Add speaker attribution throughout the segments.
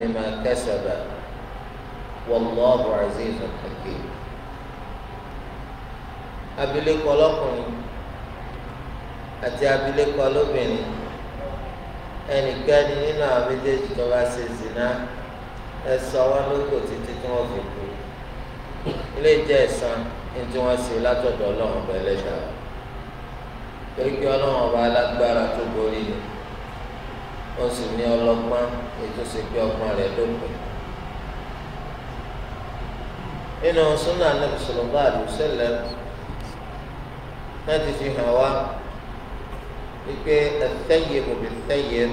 Speaker 1: بما كسب والله عزيز حكيم abilékọ lọ́kùnrin ati abilékọ lóbìnrin ẹnikẹ́ni nínú àwọn méjèèjì tó bá ṣe zina ẹ sọ wọn lóko títí tí wọ́n fi kú ilé jẹ ní tí ọba ọba alágbára tó borí ó sì ní ọlọ́gbọ́n ètò sì pé ọgbọ́n rẹ̀ lópin. nínú súnà Ànábì sallallahu alaihi wasallam láti fi hàn wá wípé at-tayyibu bit-tayyib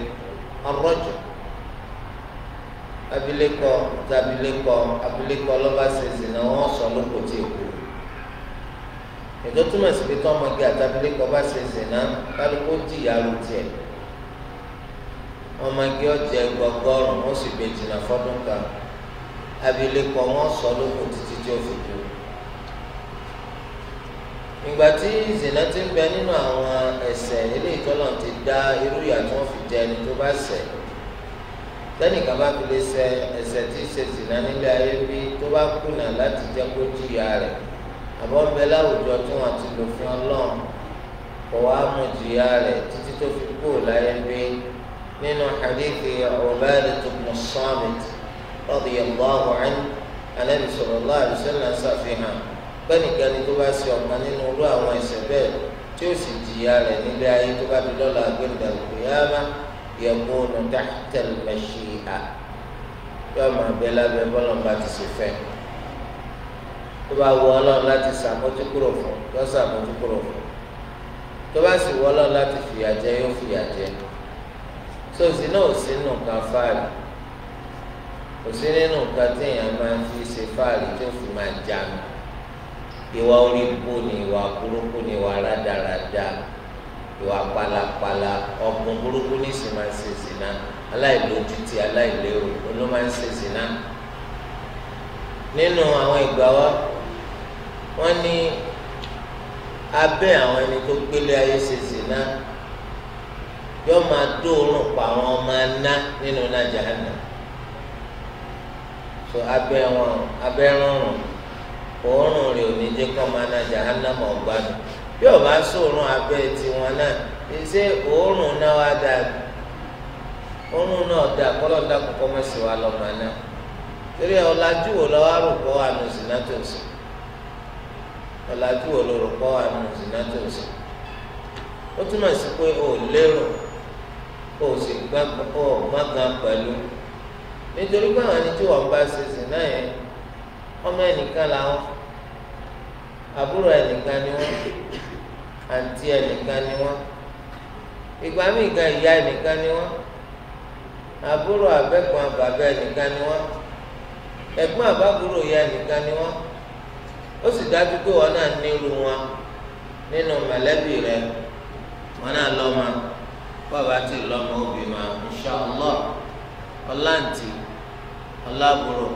Speaker 1: ar-rajul abilékọ tabilékọ abilékọ lọ́ba ṣèṣì náà wọ́n sọ lóko tí èkó ètò túmọ̀ sí pé tọ́mọge àtabilékọ bá ṣèṣì náà kálukú jìyà ló tiẹ̀ wọn máa gé ọjà gbọgọrùn wọn sì bẹ jìnnà fọdún kan abilékọ wọn sọ lóko títí tí ó fi kú ìgbà tí zina ti ń bẹ nínú àwọn ẹ̀ṣẹ̀ eléyìí tó lọ́n ti dá irú ìyà tí wọ́n fi jẹ ẹni tó bá ṣẹ̀ tẹ́nìkan bá fi lè ṣẹ̀ ẹ̀ṣẹ̀ tí ṣe zina nílé ayé bí tó bá kùnà láti jẹ́ kó jìyà rẹ̀ àbọ̀ ń bẹ láwùjọ tí wọ́n ti lò fún ọlọ́run kò wá mú jìyà rẹ̀ títí tó fi kú láyé bí. من حديث عبادة بن الصامت رضي الله عنه النبي صلى الله عليه وسلم سافها bẹ́ẹ̀ni gani tó bá ṣe ọ̀kan nínú irú àwọn ẹ̀ṣẹ̀ bẹ́ẹ̀ tí ó sì jìyà rẹ̀ nílé ayé tó bá fi lọ́la gbẹ̀dà òkúyàmá yẹ̀kúnnù dáhítẹ̀lì mẹ́ṣí à yóò máa bẹ lábẹ́ bọ́lọ̀n bá ti ṣe fẹ́ tó bá wọ ọlọ́run láti ṣàmójúkúrò fún yóò ṣàmójúkúrò fún tó bá sì wọ ọlọ́run láti fìyà jẹ yóò fìyà jẹ ní so sì náà ò sí nù kan fáàlì kò sí nínú nǹkan téèyàn máa ń fi ṣe fáàlì tó fi máa jánu ìwà orí kú ni ìwà burúkú ni ìwà rádaràda ìwà pálapàla ọ̀gbun burúkú ní sì máa ń ṣe zina aláìlójútì aláìlérò ló máa ń ṣe zina nínú àwọn ìgbà wa wọ́n ní abẹ́ àwọn ẹni tó gbélé ayé ṣe zina. yóò máa orun pa àwọn ọmọ aná nínú nájà ẹnà so abẹ wọn abẹ rọrùn òórùn rẹ̀ ò ní jẹ́ kó máa nájà ẹnà mọ gbádùn bí ọba sòórùn abẹ tiwọn náà ṣe òórùn náà wá dáa òórùn náà dáa kọlọ dáa kọkọ mẹsì lọ máa torí ọ̀làjú wo lọ́wọ́ àròkọ́ ànùsí náà tó sùn ọ̀làjú wo o sì gbá o má gan pẹ̀lú nítorí pé àwọn ẹni tí wọ́n bá ṣe sìn náà yẹn ọmọ ẹnìkan làwọn àbúrò ẹnìkan ni wọ́n àǹtí ẹnìkan ni wọ́n ìgbà míì gan ìyá ẹnìkan ni wọ́n àbúrò abẹ́gbọ̀n bàbá ẹnìkan ni wọ́n ẹ̀gbọ́n àbábúrò ìyá ẹnìkan ni wọ́n ó sì dájú pé náà wọn nínú mẹ̀lẹ́bí rẹ wọn náà bàbá tí lọ́mọ òbí ma insha Allah ọláǹtì ọlábùrọ̀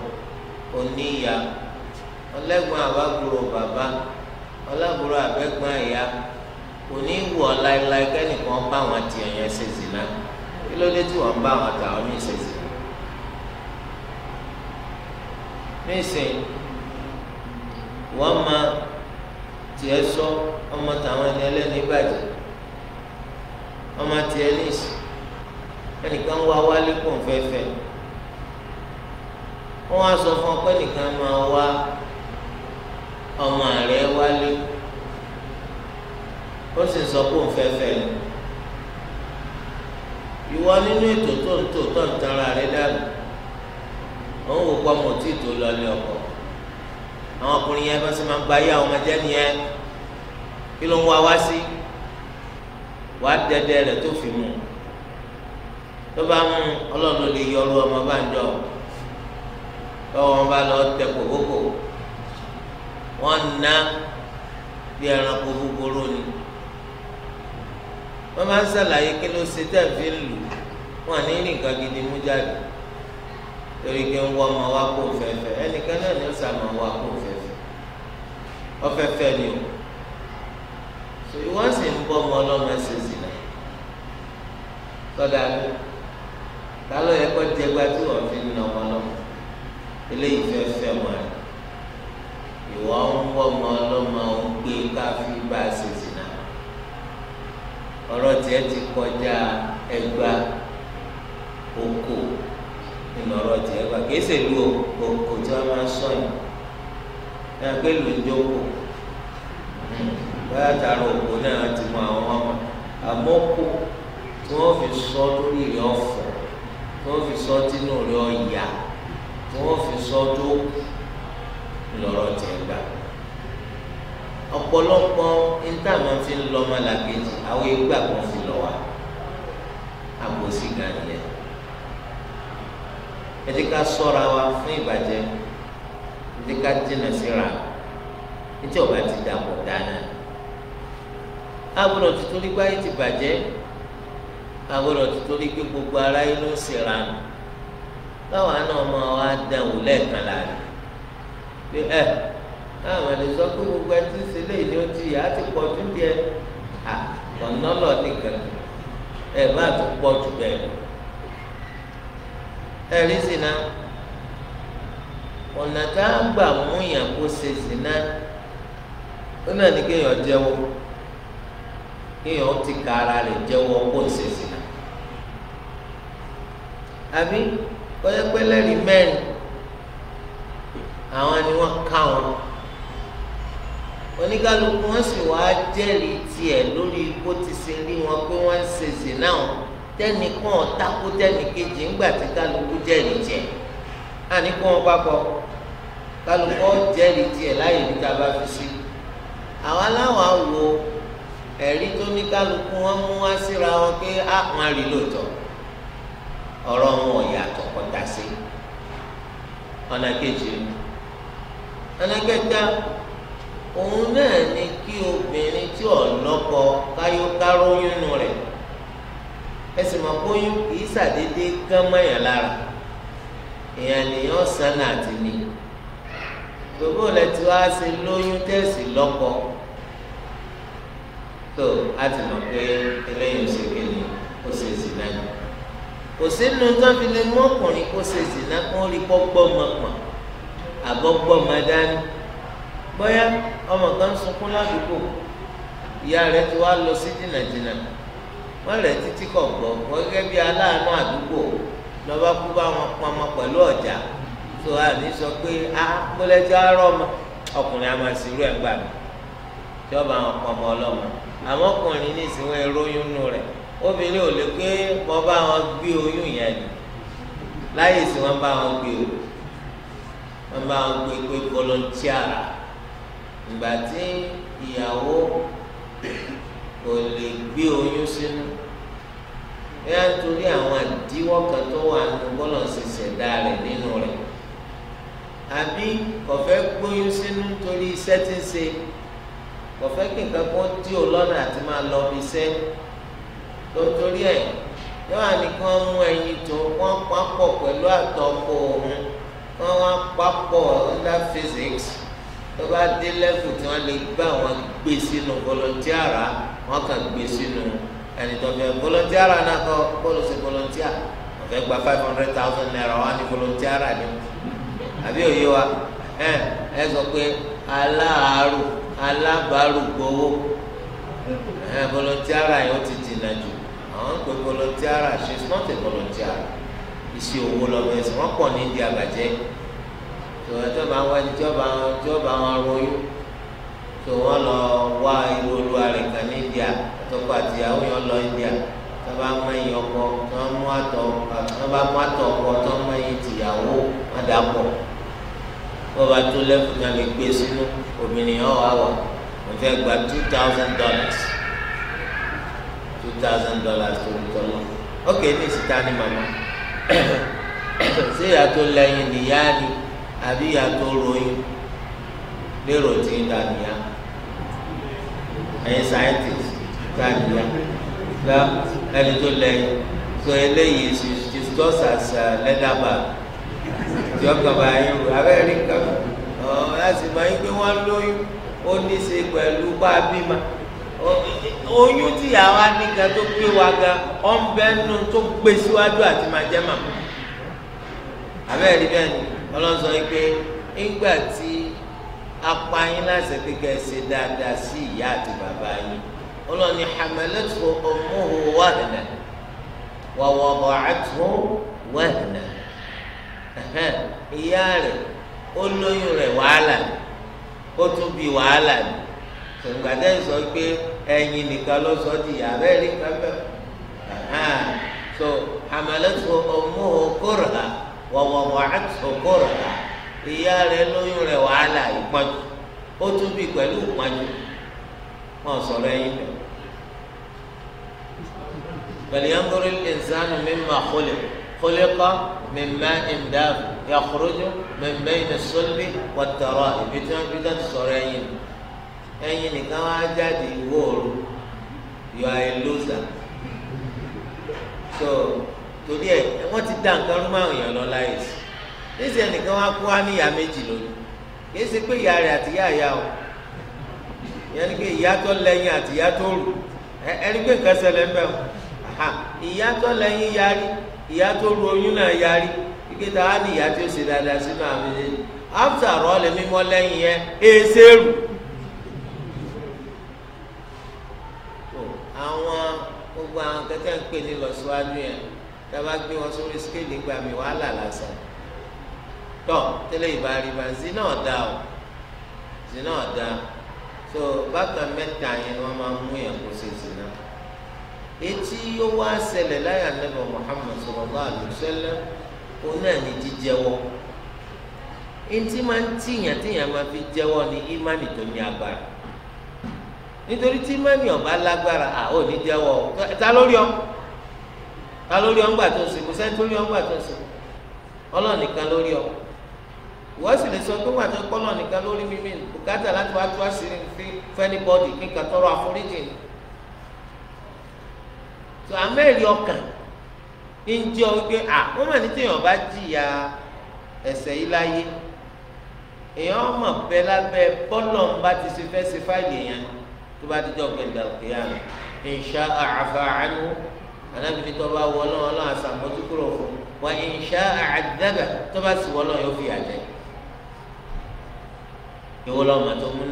Speaker 1: oníyà ọlẹ́gbọ̀n àbábùrọ̀ bàbá ọlábùrọ̀ kẹ́nìkan bá wọn kí ló dé tí bá wọn tà ọmọ tiẹ̀ léṣe ẹnìkan wá wálé kò ń fẹ́ fẹ́ wọ́n á sọ fún ọ pé nìkan máa wá ọmọ rẹ wálé ó sì sọ kó ń fẹ́ fẹ́ lọ ìwọ nínú ètò tó ń tò tó ń tara rẹ dànù òun wò pọ́ mọ̀ tí ì tó lọlé ọkọ̀ àwọn ọkùnrin yẹn bá sì máa ń gba ayé àwọn ọmọdé nìyẹn kí ló ń wá wá sí. Si wàá dẹdẹ rẹ tó fi mú tó bá mú ọlọ́run lè yọrù ọmọ bá ń jọ tọ́wọ́ wọn bá lọ tẹ kòkókò wọ́n ná bí ẹranko búburú ni wọ́n máa ń ṣàlàyé kí ló ṣe tẹ̀ fi ń lù wọ́n ní nǹkan gidi mú jáde torí pé ń wọ́ ọmọ wa kó fẹ́fẹ́ ẹnìkan náà ní ó wa kó fẹ́fẹ́ ọ̀fẹ́fẹ́ ni o. so you sì ń bọ́ ọmọ ọlọ́mọ ẹsẹ̀ sí náà tọ́da ló ta yẹ kó jẹ gba tí wọ́n fi ń na ọmọ ọlọ́mọ eléyìí fẹ́ fẹ́ mọ ẹ ìwọ ń bọ́ ọmọ ọlọ́mọ gbé káfí bá a ṣe sí náà ti kọjá oko nínú kí lu bóyá tààrà òkú náà ti mú àwọn ọmọ àmọ́kù tí wọ́n fi sọ lórí rẹ̀ ọ̀fọ̀ tí wọ́n fi sọ tínú rẹ̀ ọ̀yà tí wọ́n fi sọ tó lọ́rọ̀ tẹ̀ gbà. ọ̀pọ̀lọpọ̀ intanet ti ń lọ malakeji àwọn egbà kan fi lọ wa àbòsí gan yẹn. ẹ ti ká sọ́ra wa fún ìbàjẹ́ ẹ ti ká jìnnà síra ẹ ọba ti dàpọ̀ dáná. agbọ́dọ̀ tuntun rí ti bàjẹ́ agbọ́dọ̀ tuntun rí pé gbogbo aráyé ló ń ṣèrànù báwa náà máa wá dán lẹ́ẹ̀kan láàrin pé ẹ ẹni sọ pé gbogbo ẹtí sílé ìní ó ti ti pọ̀ díẹ̀ ọ̀nà lọ́ọ̀dì kan ẹ bá tó pọ̀ jù bẹ́ẹ̀ lọ. ẹ rí sínú ọ̀nà tá a gbà mú yàn kó ṣe kéèyàn ó ti ka ara rẹ̀ jẹ́wọ́ kó o ṣe sí náà àbí kọjá pé lẹ́rìí mẹ́rin àwọn ni wọ́n ká wọn oníkálukú wọn sì wá jẹ́rìí tiẹ̀ lórí kó ti ṣe rí wọn pé wọ́n ń ṣe sí náà tẹ́nìkan takú tẹ́nìkejì ńgbà tí kálukú jẹ́rìí tiẹ̀ àníkú wọn papọ̀ kálukú jẹ́rìí tiẹ̀ láyé níta bá fi sí àwọn aláwọ̀ á ẹ̀rí tó ní kálukú wọn mú wá síra wọn pé ah, á wọn rí lóòótọ́ ọ̀rọ̀ wọn ò yàtọ̀ kọjá sí ọ̀nà kejì ọ̀nà kẹta òun náà ni kí obìnrin tí ọ̀lọ́kọ káyọ́káróyún nù rẹ̀ ẹsìn mọ̀ kóyún kì ṣàdédé gán mọ́yàn lára èèyàn nìyàn sànà àti ni gbogbo rẹ̀ tí wàá lóyún tẹ̀sí lọ́kọ̀ọ́ tó a ti mọ̀ pé eléyìí ò ṣe kí ni ó ṣe zina yìí kò sínú tó fi lè mú ọkùnrin kó ṣe zina kó rí gbọ́gbọ́ mọ̀ pọ̀ àbọ̀gbọ́ mọ̀ dání bóyá ọmọ kan sunkún ládùúgbò ìyá rẹ̀ ti wá lọ sí jìnnàjìnnà wọn rẹ̀ títí kọ̀ gbọ́ gẹ́gẹ́ bí aláàánú àdúgbò lọ́ba kú bá wọn pọnmọ pẹ̀lú ọ̀jà tó a sọ pé a kólẹ́jọ́ arọ́ ọmọ ọkùnrin a máa sì rú ẹ̀ tí wọ́n bá wọn pọnmọ àmọ́ ọkùnrin ní ìsìnwó ẹ̀rọ oyún nù rẹ̀ obìnrin ò lè pé mo bá wọn gbé oyún yẹn ni láyé ìsìn wọn bá wọn gbé o wọn bá wọn gbé pé volontiara ìgbà tí ìyàwó kò lè gbé oyún sínú bóyá nítorí àwọn àdíwọ́ kan tó wà nínú bọ́lọ̀ sì ṣẹ̀dá rẹ̀ nínú rẹ̀ àbí kò fẹ́ gbóyún sínú nítorí iṣẹ́ tí ń ṣe kò fẹ́ kí nǹkan kan tí ò lọ́nà àti máa lọ bí iṣẹ́ tó torí ẹ̀ yóò wá ní mú ẹyin tó wọ́n papọ̀ pẹ̀lú àtọ́kọ òun kí wá papọ̀ under physics tó bá dé lẹ́fù tí wọ́n lè gbé àwọn gbé sínú volontiara wọ́n kàn gbé sínú ẹni tó fẹ́ volontiara náà kọ́ bọ́ọ̀lù sí volontiara wọ́n gba five hundred thousand naira wọ́n á ní ni àbí òye wa ẹ ẹ sọ pé aláàárò alábàárùgbowó ẹ volunteer yẹn ó ti dìnnà jù àwọn pé volunteer she is not a volunteer iṣẹ́ owó lọ́wọ́ ẹ̀sìn wọ́n pọ̀ ní ìdí àbàjẹ́ tó ẹjọ́ bá wá ẹni jọba jọba wọn ronyún tó wọ́n lọ wá irú olúwa rẹ̀ kan ní India àtọ́kọ̀ àti ìyàwó yẹn lọ India tó bá mọ ẹyin ọkọ tó bá mú àtọ̀ ọkọ tó bá mú àtọ̀ mọ ẹyin tìyàwó wọn dà pọ̀ wọ́n bá tó lẹ́kùn náà lè gbé sínú obìnrin yẹn wà wà mo fẹ́ gba two thousand dollars two thousand dollars tó ń tọ́ lọ. ok ní ìsìta ni màmá ṣé ìyá tó lẹ́yìn nìyá ni àbí ìyá tó ròyìn lérò tí ń da nìyá ẹ̀yin scientist da nìyá ẹni tó lẹ́yìn so eléyìí is just as uh, tí ọkàn bá yín rò abẹ́ rí nǹkan ọ̀ láti mọ yín pé wọ́n lóyún ó ní í ṣe pẹ̀lú bá a bímọ oyún tí àwa nìkan tó gbé wa ga ọ̀ ń bẹ́ nù tó gbé síwájú àti máa jẹ́ màmá abẹ́ rí bẹ́ẹ̀ ni ọlọ́sọ yìí pé nígbà tí apáyín láti pé kẹ́ ṣe dáadáa sí ìyá àti bàbá yín ọlọ́ni hamalatu ummuhu wahnan wa wada'athu wahnan ìyá rẹ̀ ó lóyún rẹ̀ wàhálà ó tún bí wàhálà ni sọ̀gbàdẹ́ sọ pé ẹ̀yin nìkan ló sọ di ìyá rẹ̀ rí pẹ́pẹ́ so hamalatu ọmọ okòrò wọ̀wọ̀wọ̀ àti okòrò ìyá rẹ̀ lóyún rẹ̀ wàhálà ìpọ́njú ó tún bí pẹ̀lú ìpọ́njú wọn sọ̀rọ̀ ẹ̀yin bẹ̀rẹ̀ pẹ̀lú yẹn ń gbọ́dọ̀ ẹ̀ńsánú mímọ́ àkọlẹ̀. خلق من ماء دافئ يخرج من بين الصلب والترائب ibi tí wọn fi dá sọ̀rọ̀ ẹyin ẹyin nìkan wá jáde wóoru you are a loser so torí ẹ wọn ti dá nǹkan rúmọ àwọn èèyàn lọ láyè sí níṣẹ nìkan wá kú wá ní ìyá méjì lónìí kìí ṣe pé ìyá rẹ àti ìyá ìyá o ìyá ni pé ìyá tó lẹ́yìn àti ìyá tó rù ẹ ẹni pé nǹkan ṣẹlẹ̀ ń bẹ o ìyá tó lẹ́yìn yarí ìyá tó ru oyún náà yarí ike tá a ní ìyá tó ṣe dáadáa sínú àmì yẹn after all mímọ lẹ́yìn yẹn èsè rù. àwọn gbogbo àwọn kẹtẹ ń pè ní lọsíwájú yẹn dábàá gbé wọn sórí skéèlì gba mi wàhálà lásán tọ tẹ́lẹ̀ ìbárí bá zina ọdá o zina ọdá so bákan mẹ́ta yẹn ni wọn máa mú yẹn kó ṣe zina etí ó wá ṣẹlẹ̀ láyà nẹ́bà Muhammad sallallahu alaihi wasallam òun náà ní jíjẹ́wọ́ etí máa ń tìyàn tìyàn máa fi jẹ́wọ́ ní ìmánì tó ní agbára nítorí tí ìmánì ọ̀bá lágbára à ò ní jẹ́wọ́ ta lórí ọ ta lórí ọ ńgbà tó sè kò sẹ́ni tó rí ọ ńgbà tó sè Ọlọ́run nìkan lórí ọ wọ́n sì lè sọ pé wàá tó kọ́ Ọlọ́run nìkan lórí mímí bùkátà láti wá tó àṣírí fẹ́ni bọ́dì kíkà tọrọ àforíjì ni. tó amẹ́rì ọkàn ń jẹ́ wípé à wọ́n mọ̀ ní téèyàn bá jìyà ẹ̀ṣẹ̀ yìí láyé èèyàn mọ̀ bẹ́ lábẹ́ bọ́lọ̀ ń bá ti ṣe fẹ́ ṣe fáìlì yẹn tó bá ti jọ gbẹ̀dà kéèyàn insha àfa àánú anábìrin tó bá wọ lọ́wọ́ lọ́wọ́ àṣàmójú kúrò fún wa insha àdàbà tó bá sì wọ lọ́wọ́ yóò fi ìwọ tó mú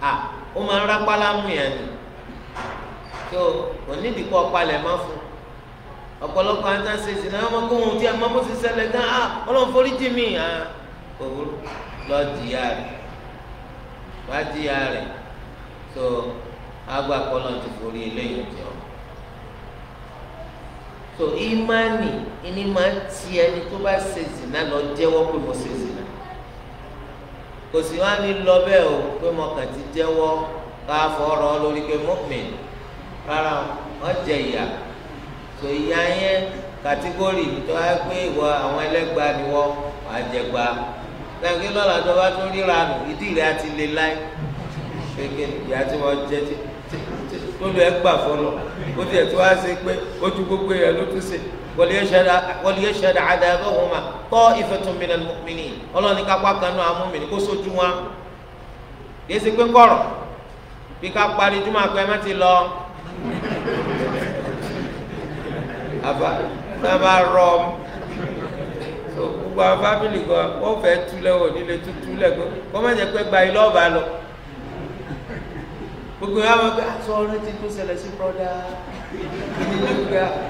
Speaker 1: à ó máa ń rápálá mú yẹn ni tó onídìí kọ́ palẹ̀ má fún ọ̀pọ̀lọpọ̀ ajá ṣe ìsìn náà wọ́n kó ohun tí ẹ mọ́ bó ti ṣẹlẹ̀ gan ah ọlọ́run forí jì mí ah òwúrọ̀ lọ jìyà rẹ̀ wá jìyà rẹ̀ tó agbá kọ́lọ́ ti forí eléyìí jọ tó ìmánì ìní máa ń ti ẹni tó bá ṣe ìsìn náà lọ jẹ́wọ́ pé mo ṣe ìsìn náà. kò sì wá ní lọ bẹ́ẹ̀ o pé mo kàn ti jẹ́wọ́ káfọ́ ọ̀rọ̀ lórí pé mọ́kùnrin rárá wọ́n jẹ ìyà tó ìyá yẹn ìwọ àwọn ẹlẹ́gba ni wọ́n wà lọ́la tó bá tún ríra nù ìdí rẹ̀ lè láì ìyá tí wọ́n jẹ tó lù ẹ́ gbà وليشهد عذابهما طائفة من المؤمنين ọlọ́run ní kápá kan náà amúmìnì kó sojú wọn yéé ṣe pé kọ̀rọ̀ bí ká parí jùmọ̀ àpẹ́ má ti lọ. àbá náà bá rọ so gbogbo àwọn fámìlì kan wọ́n fẹ́ túlẹ̀ wọ̀ nílé tútúlẹ̀ kó wọ́n má jẹ́ pé gba ilé ọ̀bà lọ gbogbo yàrá wọn pé àtúwọ̀n ah, ti tún ṣẹlẹ̀ sí brọ́dá ìdílé gbogbo yàrá.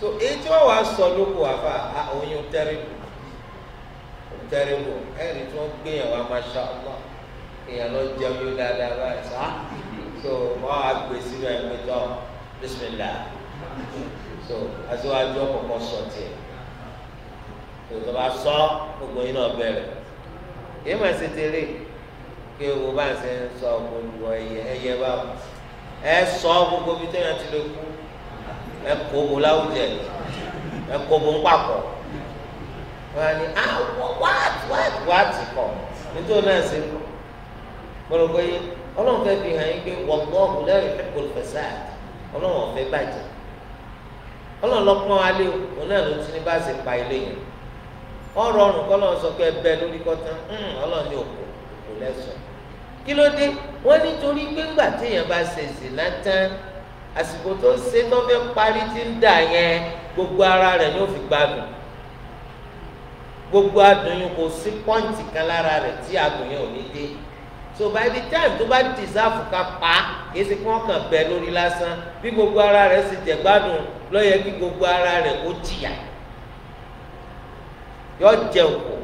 Speaker 1: so èyí tí wọ́n wá sọ lóko àfa àoyin tẹ́rìbù tẹ́rìbù ẹ̀rí tí wọ́n gbé yẹn wá masha allah èèyàn lọ jẹun yóò dáadáa báyìí sá so wọ́n á gbé sínú ẹ̀mí tó bismillah so aṣíwájú ọ̀kọ̀ọ̀kọ̀ sọ tiẹ̀ So, tó bá sọ gbogbo yín náà bẹ̀rẹ̀ èyí máa ṣe tẹ́lẹ̀ pé wo bá ń ṣe ń sọ gbogbo ẹyẹ ẹyẹ báwo ẹ sọ gbogbo bí tẹ́yàn ti lè kú. ẹkọ bò láwùjẹ ẹkọ bò ń papọ̀ wọn ni ah what what what kọ nítorí náà ṣe kọ gbọdọgbọ yìí ọlọ́run fẹ́ẹ́ fi hàn yín pé wọgbọọbù lẹrìí pẹpẹ fẹsẹ ọlọ́run ọ̀fẹ́ bàjẹ́ ọlọ́run lọpọn alẹ òun náà ló ti ní bá ṣe pa ilé yẹn ọrùn sọ pé ẹbẹ lórí kọtán hmm, ní òkú lẹsọ kí ló dé wọn nítorí pé ńgbà téèyàn bá àsìkò tó ṣe tó fẹ́ parí ti ń dà yẹn gbogbo ara rẹ̀ yóò fi gbádùn gbogbo adùn yìí kò sí pọ́ǹtì kan lára rẹ̀ tí adùn yẹn ò ní dé so by the time tó bá dìsáàfù ká pa kìí ṣe kí wọ́n kàn bẹ lórí lásán bí gbogbo ara rẹ̀ sì jẹ̀ gbádùn ló yẹ kí gbogbo ara rẹ̀ kó jìyà yọ jẹ òkú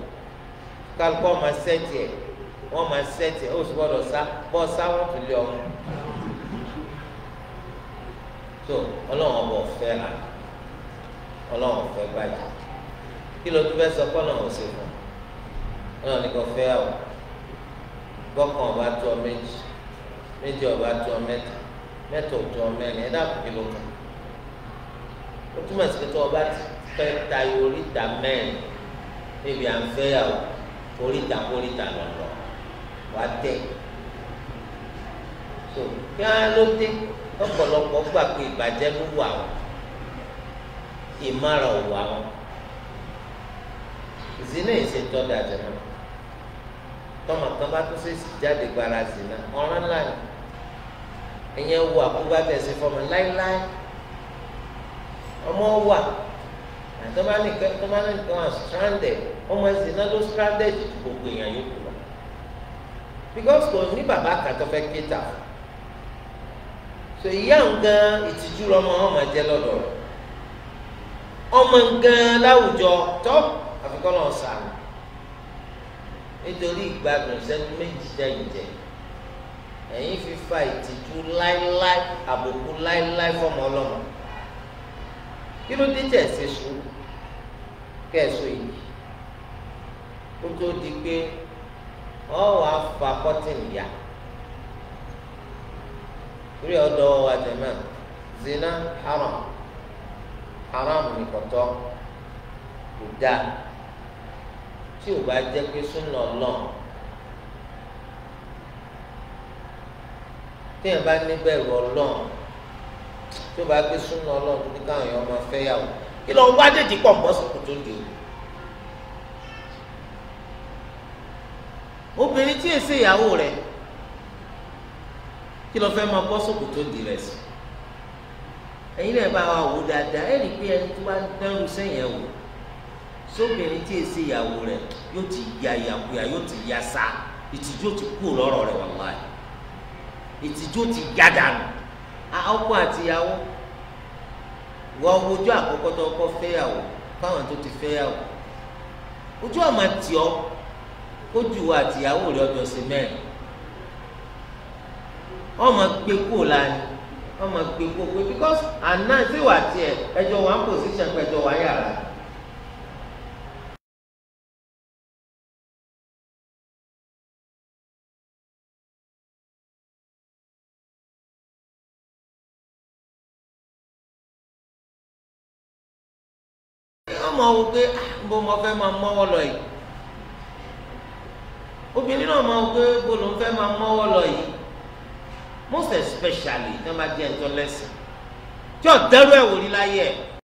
Speaker 1: kálukọ́ máa ṣẹ́tì ẹ̀ wọ́n máa ṣẹ́tì ẹ̀ ó sì gbọ́dọ̀ sá bọ́ sá wọ́n fi lé ọmọ tó ọlọ́run ọbọ̀ fẹ́ ra ọlọ́run ọ̀fẹ́ gbàyà kí ló tún fẹ́ sọ pé ọlọ́run ò ṣe fún ọlọ́run ní kò fẹ́ ọ gbọ́kàn ọba tó ọ méjì méjì ọba tó ọ mẹ́ta mẹ́ta ò tó ọ mẹ́rin ẹ̀dá kìí ló kàn ó túmọ̀ sí pé tó ọba fẹ́ tayọ oríta mẹ́rin níbi à ń fẹ́yàwó oríta oríta lọ́lọ́ wàá tẹ̀ so kí á ló dé lọ́pọ̀lọpọ̀ gbà pé ìbàjẹ́ ló wà wọn ìmára ò wà wọn zina ìṣe tọ́da jẹ̀mọ́ tọ́mọ kan bá tún ṣèṣì jáde gbára zina ọ̀ràn ńlá ni ẹ̀yẹn wo àkúgbà tẹ̀sí fọmọ láíláí ọmọ wà àtọ́mọ́nì tọ́mọ́nì kan wà stranded ọmọ zina ló stranded gbogbo èèyàn yóò kú lọ because kò ní bàbá kàtọ́ fẹ́ kéta fún so ìyá nǹkan ìtìjú lọmọ wọn máa jẹ lọ́dọ̀ rẹ̀ ọmọ nǹkan láwùjọ tọ àfikún náà sàn nítorí ìgbádùn sẹnu méjì jẹjẹ ẹ̀yin fífa ìtìjú láéláé àbùkù láéláé fọmọ ọlọmọ kí ló dé tẹ̀ ṣe sùn kẹsùn yìí kó tó di pé ọ wàá fa kọ́tìnì yá torí ọ̀dọ̀ wa jẹmọ zina haram haram ní kọtọ kò dáa tí o bá jẹ pé súnà Ọlọ́run tí yẹn bá níbẹ̀ rọ Ọlọ́run tí o bá gbé súnà Ọlọ́run tó ní káwọn èèyàn máa fẹ́ yàwó kí ló wá dèjì pọ̀ mọ́ sùkùn tó dùn. obìnrin tí èsè ìyàwó rẹ̀ kí ló fẹ́ máa bọ́ sòkòtò di rẹ̀ sí ẹ̀yin náà bá wa wò dáadáa ẹ̀ rí i pé ẹni tó bá ń dẹ́rù sẹ́yìn ẹ̀ wò sóbìnrin tí èsì ìyàwó rẹ̀ yóò ti ya ìyàkuyà yóò ti ya sá ìtìjú ti kú lọ́rọ̀ rẹ̀ wàláì ìtìjú ti ya dànù ọkọ àtìyàwó wọ ojú àkọ́kọ́ tó kọ́ fẹ́yàwó fáwọn tó ti fẹ́yàwó ojú ọ̀mà tì ọ́ kójú àtìyàwó rẹ̀ ọjọ́ sí mẹ́rin ọmọ gbé la lánìí ọmọ gbé kó pé because àná ti wà tiẹ̀ ẹjọ́ wà position yàrá. mọ wo pé ah, bó mo fẹ́ máa mọ́wọ́ lọ most especially ní wọ́n bá jẹ́ ẹ̀tọ́ lẹ́sìn tí ọ̀tẹ́rù ẹ̀ wò ní láyé ẹ̀.